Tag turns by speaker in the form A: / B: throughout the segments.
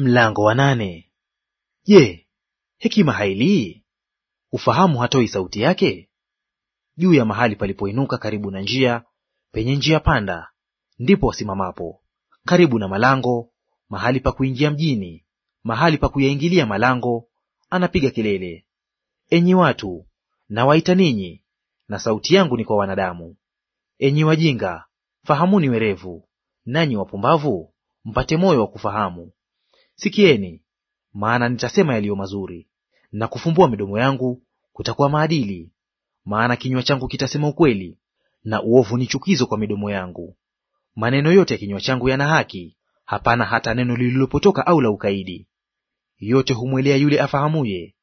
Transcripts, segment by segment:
A: Mlango wa nane. Je, hekima hailii? Ufahamu hatoi sauti yake? Juu ya mahali palipoinuka karibu na njia, penye njia panda, ndipo wasimamapo; karibu na malango, mahali pa kuingia mjini, mahali pa kuyaingilia malango, anapiga kelele. Enyi watu, nawaita ninyi, na sauti yangu ni kwa wanadamu. Enyi wajinga, fahamuni werevu, nanyi wapumbavu, mpate moyo wa kufahamu. Sikieni, maana nitasema yaliyo mazuri, na kufumbua midomo yangu kutakuwa maadili. Maana kinywa changu kitasema ukweli, na uovu ni chukizo kwa midomo yangu. Maneno yote ya kinywa changu yana haki, hapana hata neno lililopotoka au la ukaidi. Yote humwelea yule afahamuye,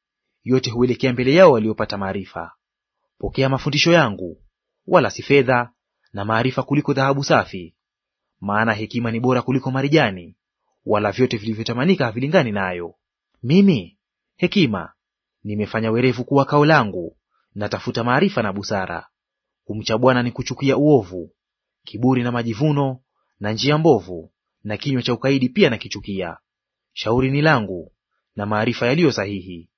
A: yote huelekea mbele yao waliopata maarifa. Pokea mafundisho yangu, wala si fedha, na maarifa kuliko dhahabu safi. Maana hekima ni bora kuliko marijani, wala vyote vilivyotamanika havilingani nayo. Mimi hekima nimefanya werevu kuwa kao langu, natafuta maarifa na busara. Kumcha Bwana ni kuchukia uovu, kiburi na majivuno, na njia mbovu, na kinywa cha ukaidi pia nakichukia. Shauri ni langu na maarifa yaliyo sahihi,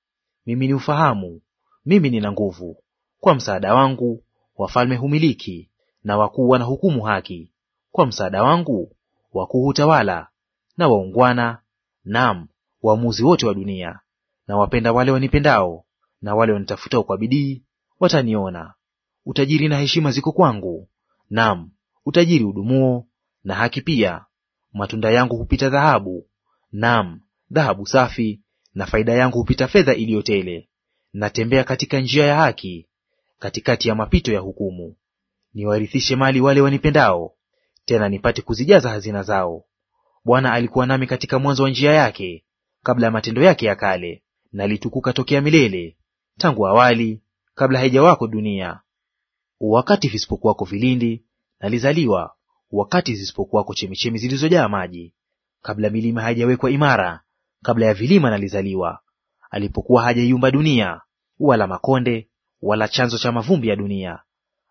A: mimi ni ufahamu, mimi nina nguvu. Kwa msaada wangu wafalme humiliki, na wakuu wanahukumu haki. Kwa msaada wangu wakuu hutawala, na waungwana, naam, waamuzi wote wa dunia. Na wapenda wale wanipendao, na wale wanitafutao kwa bidii wataniona. Utajiri na heshima ziko kwangu, naam, utajiri udumuo na haki pia. Matunda yangu hupita dhahabu, naam, dhahabu safi, na faida yangu hupita fedha iliyotele. Natembea katika njia ya haki, katikati ya mapito ya hukumu. Niwarithishe mali wale wanipendao, tena nipate kuzijaza hazina zao. Bwana alikuwa nami katika mwanzo wa njia yake, kabla ya matendo yake ya kale. Nalitukuka tokea milele, tangu awali, kabla haijawako dunia. Wakati visipokuwako vilindi, nalizaliwa; wakati zisipokuwako chemichemi zilizojaa maji, kabla milima haijawekwa imara, kabla ya vilima nalizaliwa, alipokuwa hajaiumba dunia, wala makonde, wala chanzo cha mavumbi ya dunia,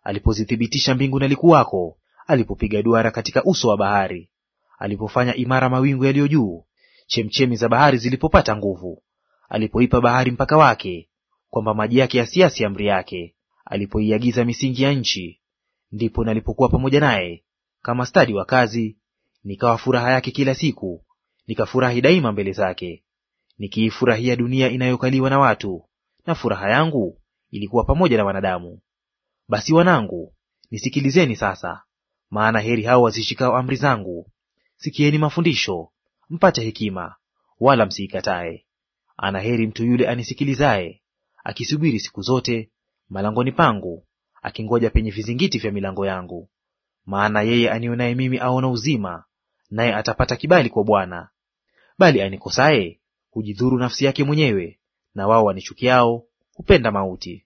A: alipozithibitisha mbingu nalikuwako, alipopiga duara katika uso wa bahari alipofanya imara mawingu yaliyo juu, chemchemi za bahari zilipopata nguvu, alipoipa bahari mpaka wake, kwamba maji yake yasiasi amri yake, alipoiagiza misingi ya nchi, ndipo nalipokuwa pamoja naye kama stadi wa kazi, nikawa furaha yake kila siku, nikafurahi daima mbele zake, nikiifurahia dunia inayokaliwa na watu, na furaha yangu ilikuwa pamoja na wanadamu. Basi wanangu, nisikilizeni sasa, maana heri hao wazishikao amri zangu, sikieni mafundisho, mpate hekima, wala msiikatae. Anaheri mtu yule anisikilizaye, akisubiri siku zote malangoni pangu, akingoja penye vizingiti vya milango yangu. Maana yeye anionaye mimi aona uzima, naye atapata kibali kwa Bwana. Bali anikosaye hujidhuru nafsi yake mwenyewe, na wao wanichukiao hupenda mauti.